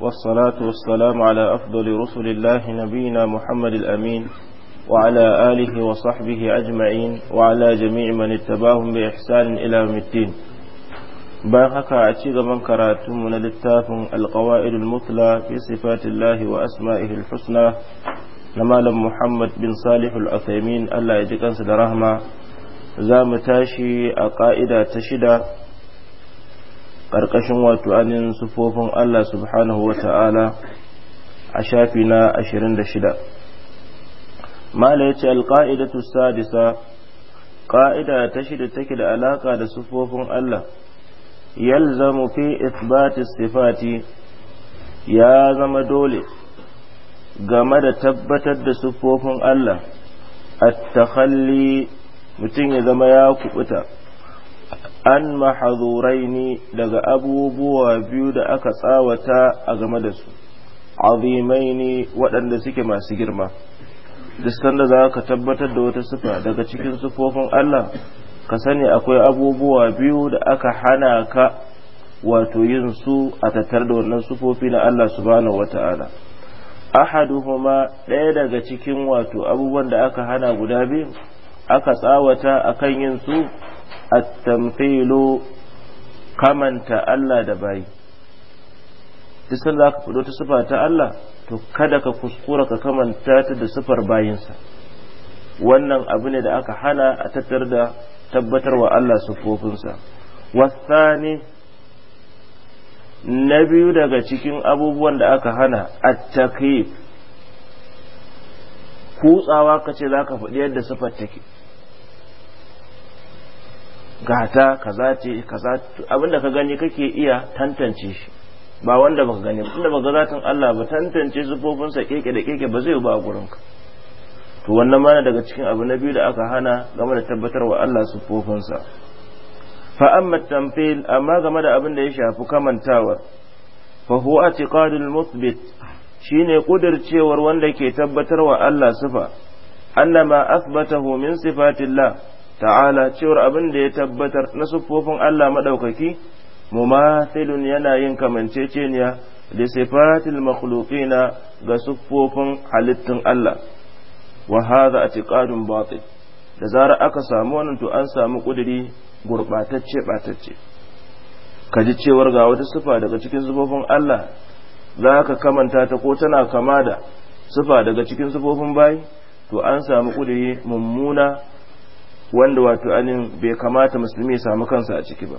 والصلاة والسلام على أفضل رسل الله نبينا محمد الأمين وعلى آله وصحبه أجمعين وعلى جميع من اتباهم بإحسان إلى الدين باقك أتشيغ من كراتم من الاتاف القوائد المثلى في صفات الله وأسمائه الحسنى لم محمد بن صالح الأثيمين ألا يجيكا سدرهما زام زامتاشي أقائد تشدى ƙarƙashin wato anin sufofin Allah subhanahu wa ta'ala a shafi na ashirin 26 mala ya ce alƙa'idatu sadisa ƙa'ida ta shida take da alaƙa da sufofin Allah yal zama fi isbati sifati ya zama dole game da tabbatar da sufofin Allah a takhalli mutum ya zama ya kubuta an ne daga abubuwa biyu da aka tsawata a game da su azimaini waɗanda suke masu girma diskan da za ka tabbatar da wata sufa daga cikin sufofin Allah ka sani akwai abubuwa biyu da aka hana ka wato yin su a tattar da wannan sufofi na Allah subhanahu wata'ala ahaduhuma ɗaya daga cikin wato abubuwan da aka hana guda biyu aka tsawata akan yin su at-tamthilu kamanta Allah da bayi duk sanda ka fito ta sifa ta Allah to kada ka kuskura ka kamanta ta da sifar bayinsa wannan abu ne da aka hana a tattar da tabbatarwa Allah siffofinsa wasani na biyu daga cikin abubuwan da aka hana a takif kutsawa ka ce za ka faɗi yadda siffar take gata kaza ce kaza abinda ka gani kake iya tantance shi ba wanda baka gani ka baka zatin Allah ba tantance sufofin sa keke da keke ba zai ba gurin ka to wannan mana daga cikin abu na biyu da aka hana game da tabbatar wa Allah sufofin sa fa amma tamfil amma game da abin da ya shafi kamantawa fa huwa i'tiqadul muthbit shine kudircewar wanda ke tabbatarwa Allah sifa annama asbata min sifatillah ta'ala cewar abin da ya tabbatar na siffofin Allah maɗaukaki mumathilun yana yin kamanceceniya da sifatil makhluqina ga siffofin halittun Allah wa hadha atiqadun batil da zara aka samu wannan to an samu kudiri gurbatacce batacce kaji cewar ga wata sifa daga cikin sufofin Allah za ka kamanta ta ko tana kama da sifa daga cikin sufofin bayi to an samu kudiri mummuna wanda wato anin bai kamata musulmi ya samu kansa a ciki ba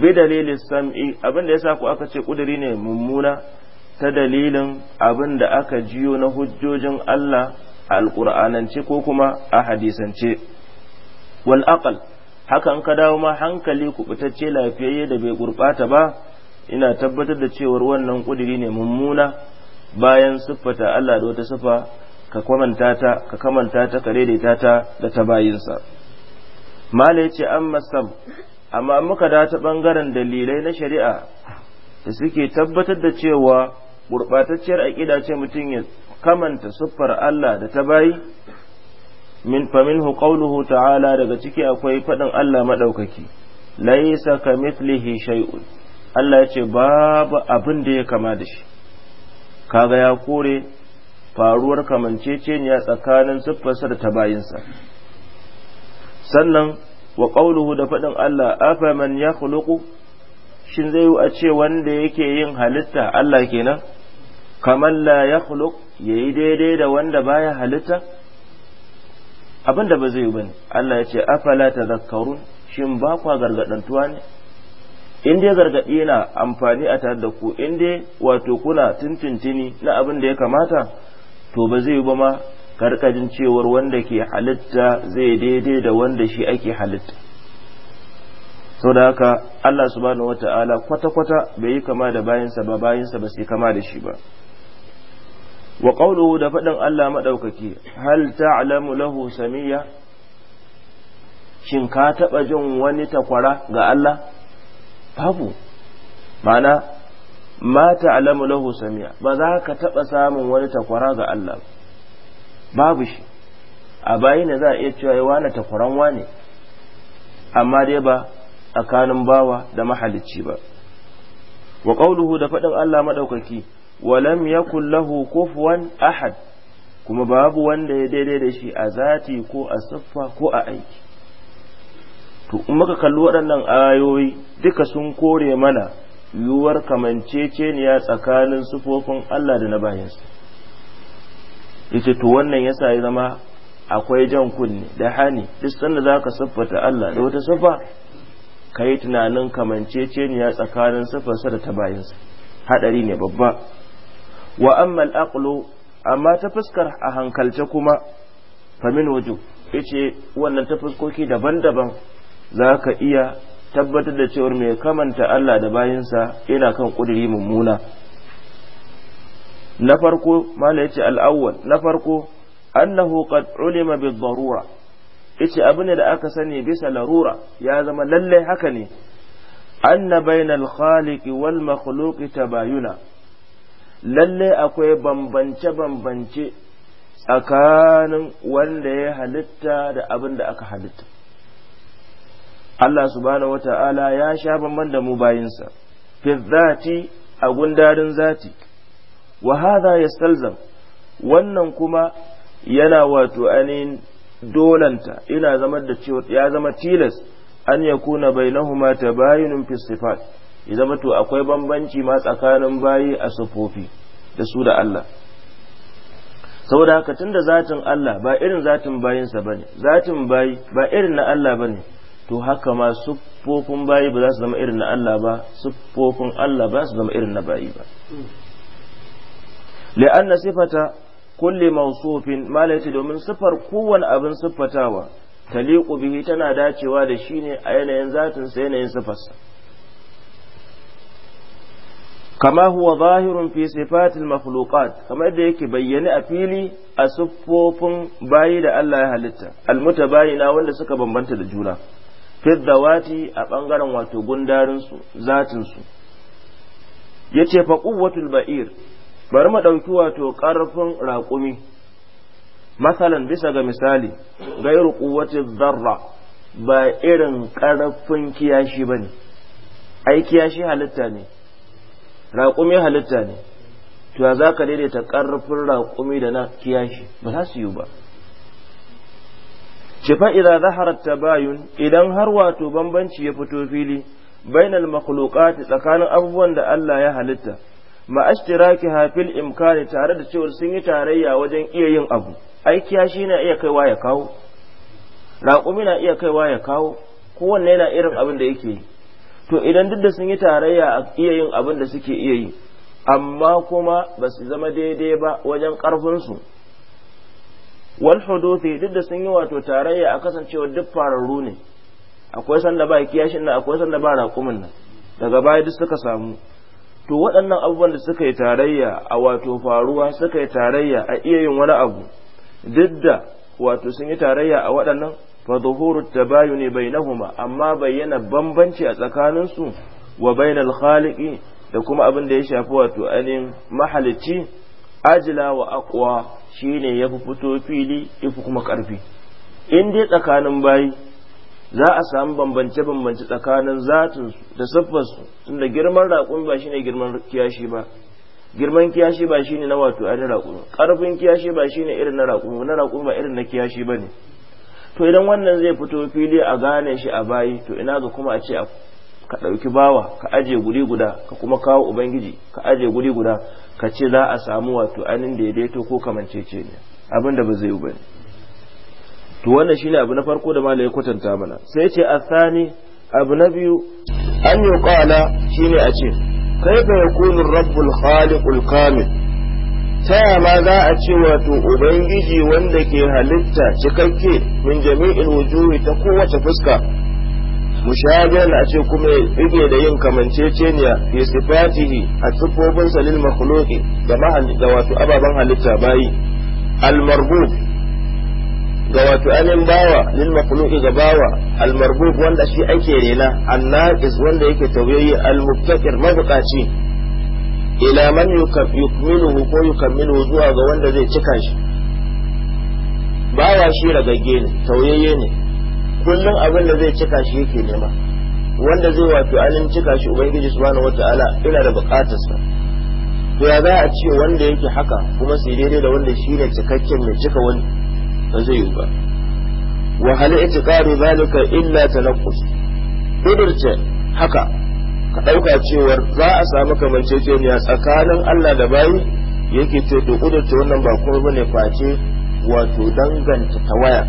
bi dalilin sam'i abin da ya ku aka ce kuduri ne mummuna ta dalilin abin da aka jiyo na hujjojin Allah a alƙur'anance ko kuma a hadisance wal aqal hakan ka dawo ma hankali fitacce lafiyayye da bai gurɓata ba ina tabbatar da cewar wannan kuduri ne mummuna bayan siffata Allah da wata siffa ka kwamanta ta ka kamanta ta ka daidaita ta da ta bayinsa mala ce amma sam amma muka da ta bangaren dalilai na shari'a da suke tabbatar da cewa gurbatacciyar aqida ce mutum ya kamanta siffar Allah da ta bayi min faminhu qawluhu ta'ala daga ciki akwai faɗin Allah laisa laysa mithlihi shay'un Allah ya ce babu abin da ya kama da shi kaga ya kore faruwar kamanceceniya tsakanin siffarsa da ta bayinsa sannan wa qawluhu da faɗin Allah afa man yakhluqu shin zai yi a ce wanda yake yin halitta Allah kenan kamar la yakhluq yayi daidai da wanda baya halitta abin da ba zai yi bane Allah ya ce afala tadhakkarun shin ba kwa gargadantuwa ne in dai gargaɗi yana amfani a tare da ku in dai wato kuna tuntuntuni na abin da ya kamata to ba zai yi ba ma karkajin cewar wanda ke halitta zai daidai da wanda shi ake halitta sau da haka Allah subhanahu ta'ala kwata-kwata bai yi kama da bayansa ba bayansa ba sai kama da shi ba wa qawluhu da faɗin Allah maɗaukaki hal ta'lamu lahu samiya shin ka taɓa jin wani takwara ga Allah babu ma'ana ma ta'lamu lahu samiya ba za ka taɓa samun wani takwara ga Allah babu shi a bayi ne za a iya cewa ya wane takwaran wane amma dai ba tsakanin bawa da mahalicci ba wa qawluhu da faɗin Allah maɗaukaki, walam ya yakul lahu ahad kuma babu wanda ya daidai da shi a zati ko a siffa ko a aiki to in muka kalli waɗannan ayoyi duka sun kore mana yiwuwar kamanceceniya tsakanin sufofin Allah da na bayansa yace to wannan yasa ya zama akwai jan kunni da hani duk sanda ka siffata Allah da wata siffa yi tunanin kamanceceniya tsakanin siffarsa da ta bayinsa hadari ne babba wa amma al amma ta fuskar a hankalce kuma famin waju yace wannan ta fuskoki daban-daban zaka iya tabbatar da cewar mai kamanta Allah da bayinsa yana kan kudiri mummuna na farko mala yace al-awwal na farko annahu qad ulima bi darura yace abu ne da aka sani bisa larura ya zama lalle haka ne anna bainal khaliq wal makhluq tabayuna lalle akwai bambance bambance tsakanin wanda ya halitta da abin da aka halitta Allah subhanahu wata'ala ya sha bamban da mu bayinsa fi zati a gundarin zati wa hadha yastalzam wannan kuma yana wato anin dolanta ina zama da cewa ya zama tilas an yakuna bainahuma tabayinun fi sifat ya zama to akwai bambanci ma tsakanin bayi a sufofi da su da Allah saboda haka tunda zatin Allah ba irin zatin bayinsa bane zatin bayi ba irin na Allah bane to haka ma sufofin bayi ba za su zama irin na Allah ba sufofin Allah ba za su zama irin na bayi ba li'anna sifata kulli mawsufin malati domin sifar kowane abin siffatawa taliqu bihi tana dacewa da shi ne a yanayin zatinsa yanayin sifarsa kama huwa zahirun fi sifatil makhluqat kamar da yake bayyane a fili a siffofin bayi da Allah ya halitta almutabayina wanda suka bambanta da juna fi dawati a bangaren wato gundarin su zatin su yace fa quwwatul ba'ir bari mu ɗauki wato ƙarfin raƙumi masalan bisa ga misali gairu kuwati zarra ba irin ƙarfin kiyashi ba ne ai kiyashi halitta ne raƙumi halitta ne to za ka daidaita ƙarfin raƙumi da na kiyashi ba za su yi ba shifa idan zaharar tabayun idan har wato bambanci ya fito fili bainal makhluqat tsakanin abubuwan da Allah ya halitta ma'ashtiraki fil imkani tare da cewar sun yi tarayya wajen iya yin abu aikiya shi na iya kaiwa ya kawo raƙumi na iya kaiwa ya kawo kowanne yana irin abin da yake yi to idan duk da sun yi tarayya a iya yin abin da suke iya yi amma kuma ba su zama daidai ba wajen ƙarfinsu wal huduthi duk da sun yi wato tarayya a kasancewa duk fararru ne akwai sanda ba kiyashin nan akwai sanda ba raƙumin nan daga baya duk suka samu to waɗannan abubuwan da suka yi tarayya a wato faruwa suka yi tarayya a iya yin wani abu duk da wato sun yi tarayya a waɗannan fa zuhuru tabayuni bainahuma amma bayyana bambanci a tsakaninsu wa bainal khaliqi da kuma abin da ya shafi wato ainihin mahalicci ajila wa aqwa shine yafi fito fili ifi kuma karfi in dai tsakanin bayi za a samu bambance-bambance tsakanin zatin da siffarsu tunda girman raƙumi ba shine girman kiyashi ba girman kiyashi ba shine na wato ainihin raƙumi ƙarfin kiyashi ba shine irin na raƙumi na raƙumi ba irin na kiyashi ba ne to idan wannan zai fito fili a gane shi a bayi to ina ga kuma a ce ka ɗauki bawa ka aje guri guda ka kuma kawo ubangiji ka aje guri guda ka ce za a samu wato ainihin daidaito ko kamanceceniya abin da ba zai yi ba to wannan shine abu na farko da malai kwatanta mana sai ce asani abu na biyu an yi kwana shine a ce kai ga yakunu rabbul khaliqul kamil ta ma za a ce wato ubangiji wanda ke halitta cikakke min jami'in wujuhi ta kowace fuska mushabihan a ce kuma rige da yin kamanceceniya fi sifatihi a sifofin salil makhluqi da wato ababen halitta bayi al-marbub ga wato anin bawa lil makhluqi ga bawa al marbub wanda shi ake rena an naqis wanda yake tauyayi al muftakir mabukaci ila man yukmiluhu ko yukammiluhu zuwa ga wanda zai cika shi bawa shi ragagge ne tauyayye ne kullun abin da zai cika shi yake nema wanda zai wato anin cika shi ubangiji subhanahu wataala ina da bukatarsa to ya za a ce wanda yake haka kuma su daidai da wanda shi ne cikakken mai cika wani ba zai yi ba wa hal itiqadu zalika illa tanaqqus kudurce haka ka dauka cewar za a samu kamanceceniya tsakanin Allah da bayi yake ce to kudurce wannan ba kuma bane face wato danganta tawaya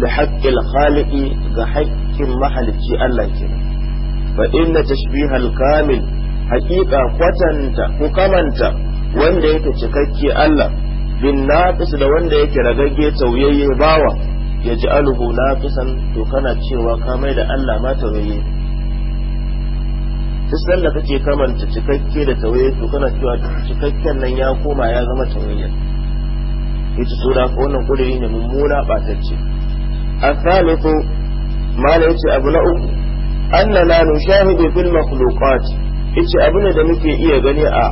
da haƙƙin khaliqi ga haƙƙin mahalicci Allah kenan fa inna tashbihal kamil haƙiƙa kwatanta ko kamanta wanda yake cikakke Allah bin naqis da wanda yake ragagge tauyayye bawa ya ji aluhu naqisan to kana cewa ka mai da Allah ma tauyayye san da kake kamanta cikakke da tauyayye to kana cewa cikakken nan ya koma ya zama tauyayye yace sura da wannan kudiri ne mummuna batacce asalatu mala yace abu na uku annana nushahidu fil makhluqat yace abu ne da muke iya gani a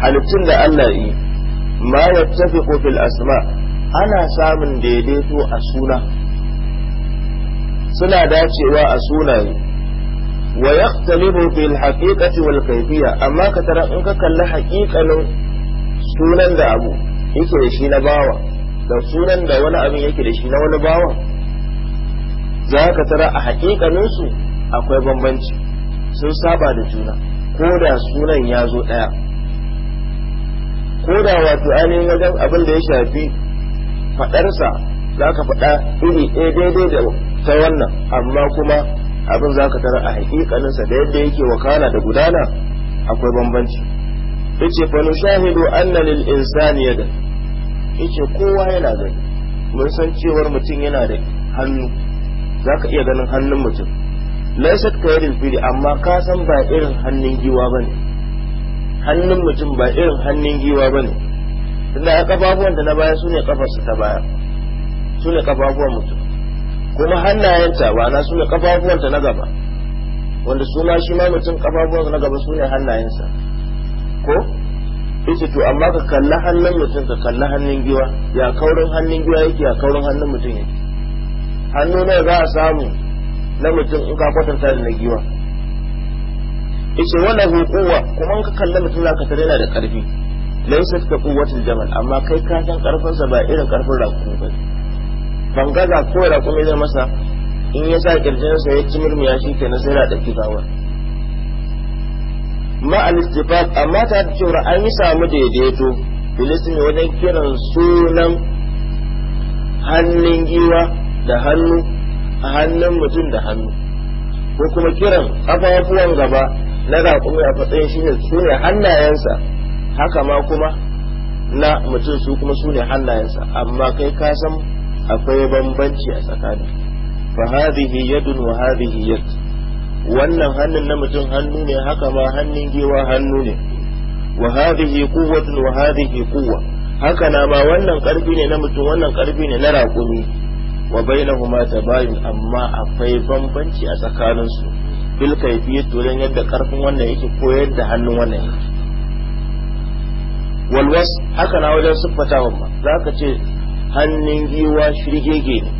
halittun da Allah yi ma yattafiqu fil asma ana samun daidaito a suna suna dacewa a sunaye wa yaqtalibu fil haqiqati wal kayfiyya amma ka tara in ka kalli haƙiƙanin sunan da abu yake da shi na bawa da sunan da wani abin yake da shi na wani bawa za ka tara a haƙiƙanin su akwai bambanci sun saba da juna ko da sunan ya zo ɗaya ko da wato ainihin wajen abin da ya shafi faɗarsa za ka faɗa iri ɗaya daidai da ta wannan amma kuma abin za ka tara a haƙiƙaninsa da yadda yake wakana da gudana akwai bambanci yace fa nushahidu anna lil insani yada yace kowa yana gani mun san cewar mutum yana da hannu zaka iya ganin hannun mutum laysa ka fili amma ka san ba irin hannun giwa bane hannun mutum ba irin hannun giwa ba ne tunda kafafuwan da na baya su ne kafarsa ta baya su ne kafafuwan mutum kuma hannayenta ba na su ne kafafuwanta na gaba wanda su ma shi ma mutum kafafuwan na gaba su ne hannayensa ko ita to amma ka kalla hannun mutum ka kalla hannun giwa ya kaurin hannun giwa yake ya kaurin hannun mutum yake hannu nawa za a samu na mutum in ka kwatanta da na giwa yace wala hu quwwa kuma ka kalla mutum zaka tare yana da karfi laysa ka quwwatul jamal amma kai ka san karfin sa ba irin karfin rakumi ba ban gaza ko rakumi zai masa in ya sa kirjin sa ya cimirmiya shi na sai da dauki gawar ma al-istifaq amma ta cewa an yi samu daidaito filistin wajen kiran sunan hannun giwa da hannu a hannun mutum da hannu ko kuma kiran kafafuwan gaba na raƙumi a matsayin shi ne hannayensa haka ma kuma na mutum su kuma su ne hannayensa amma kai ka san akwai bambanci a tsakanin fa hadhihi yadun wa hadhihi yad wannan hannun na mutum hannu ne haka ma hannun gewa hannu ne wa hadhihi quwwatun wa hadhihi quwwa haka na ma wannan karfi ne na mutum wannan karfi ne na raƙumi wa bainahuma tabayun amma akwai bambanci a tsakaninsu bil kayfiyyati wajen yadda karfin wannan yake ko yadda hannun wannan yake walwas haka na wajen siffata ma za ka ce hannun giwa shirgege ne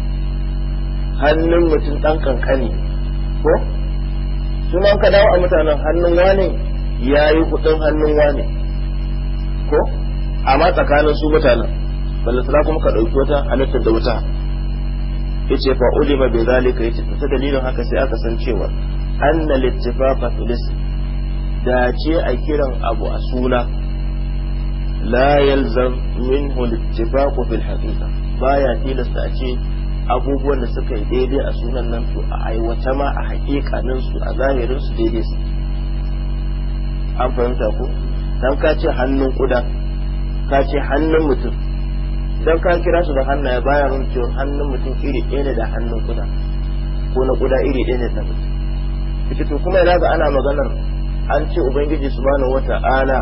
hannun mutum ɗan kankani ko sunan ka dawo a mutanen hannun wane ya yi kudin hannun wane ko amma tsakanin su mutanen ballasara kuma ka ɗauki wata halittar da wuta ya ce fa'ulima bai zalika ya ce ta dalilin haka sai aka san cewa anna littifaqa filis da ce a kiran abu a suna la yalzam minhu littifaqu fil haqiqa baya tilasta a ce abubuwan da suka yi daidai a sunan nan to a aiwata ma a haƙiƙanin su a zahirin su daidai su an fahimta ko dan ka ce hannun kuda ka ce hannun mutum dan ka kira su da hannaye baya nuna cewa hannun mutum iri ɗaya ne da hannun kuda ko na kuda iri ɗaya ne da mutum ita to kuma yana ga ana maganar an ce ubangiji subhanahu wata'ala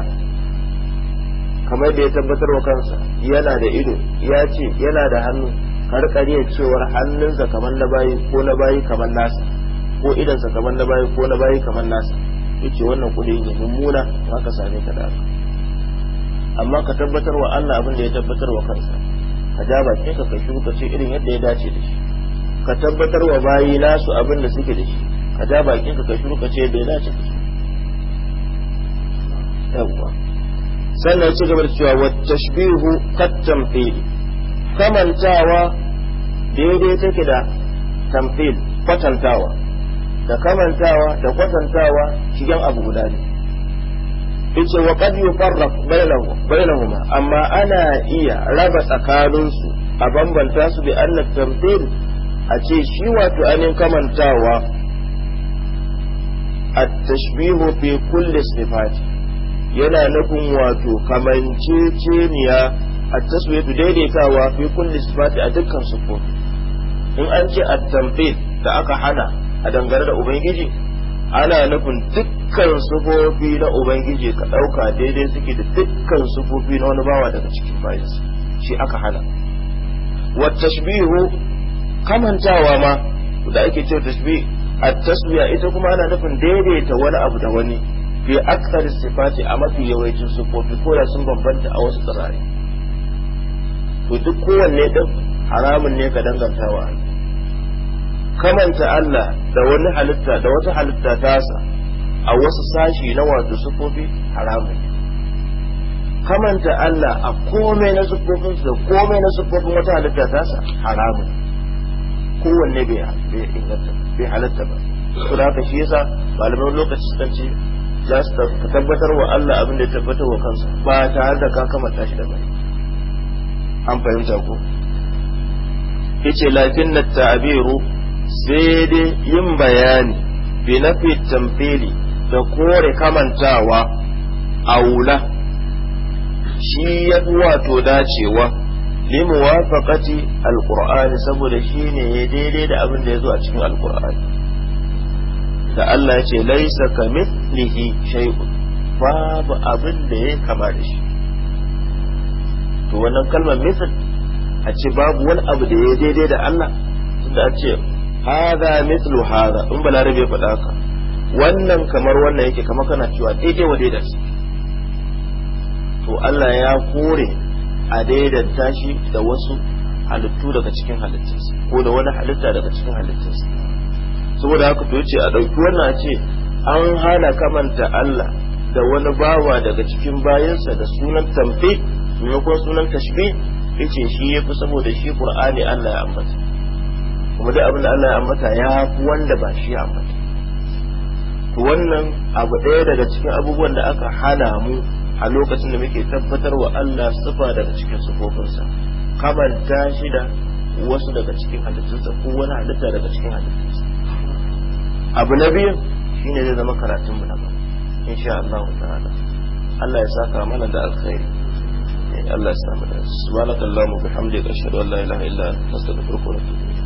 kamar da ya tabbatar wa kansa yana da ido ya ce yana da hannu karkariyar cewar hannunsa kamar na bayi ko na bayi kamar nasa ko idansa kamar na bayi ko na bayi kamar nasa ce wannan kudi ne mummuna ka same ka da amma ka tabbatar wa Allah abin da ya tabbatar wa kansa ka ja bakin ka ka shi ka ce irin yadda ya dace da shi ka tabbatar wa bayi nasu abin da suke da shi ka ja bakin ka kashi ka ce bai dace ka yawwa sannan ci gaba da cewa wa tashbihu kat tamthil kamantawa daidai take da tamthil kwatantawa da kamantawa da kwatantawa cikin abu guda ne yace wa qad yufarraq bainahuma amma ana iya raba tsakaninsu a bambanta su bi annat tamthil a ce shi wato anin kamantawa at-tashbihu fi kulli sifati yana nufin wato kamanceceniya at-tasbih daidaitawa fi kulli sifati a dukkan sifofi in an ce at-tamthil da aka hana a dangane da ubangiji ana nufin dukkan sufofi na ubangiji ka ɗauka daidai suke da dukkan sufofi na wani bawa daga cikin bayansa shi aka hana wa tashbihu kamantawa ma da ake cewa tashbih A taswiya ita kuma ana nufin daidaita wani abu da wani fi akthar sifati a mafi yawancin sifofi ko da sun bambanta a wasu tsirare to duk kowanne din haramun ne ka dangantawa kamanta Allah da wani halitta da wata halitta tasa a wasu sashi na wato haramun kamanta Allah a komai na sifofinsa da komai na sifofin wata halitta tasa haramun kowanne bai inganta bai halatta ba to da haka shi yasa malaman lokaci sukan ce za su tabbatar wa Allah abin da ya tabbatar wa kansa ba tare da ka kamata shi da bai an fahimta ko yace lafin na ta'abiru sai dai yin bayani bi nafi tamfili da kore kamantawa aula shi ya wato dacewa limuwafaqati alqur'ani saboda shine ya daidai da abin da yazo a cikin alqur'ani da Allah ya ce laisa kamithlihi shay'un babu abin da ya kama da shi to wannan kalmar mithl a ce babu wani abu da ya daidai da Allah tunda a ce hadha mithlu hadha in balarabe faɗa ka wannan kamar wannan yake kamar kana cewa daidai wa daidai to Allah ya kore a daidaita shi da wasu halittu daga cikin halittunsa ko da wani halitta daga cikin halittunsa saboda haka to ce a ɗauki wannan a ce an hana kamanta Allah da wani bawa daga cikin bayansa da sunan tamfi maimakon sunan tashbi yace shi ya fi saboda shi qur'ani Allah ya ambata kuma duk abin da Allah ya ambata ya fi wanda ba shi ya ambata to wannan abu ɗaya daga cikin abubuwan da aka hana mu a lokacin da muke tabbatar wa Allah sifa daga cikin sifofinsa kamanta shi da wasu daga cikin halittunsa ko wani halitta daga cikin halittunsa abu na biyu shine zai zama karatun mu na ba insha Allah ta'ala Allah ya saka mana da alkhairi eh, Allah ya samu da subhanakallahumma bihamdika ashhadu an la ilaha illa anta astaghfiruka wa atubu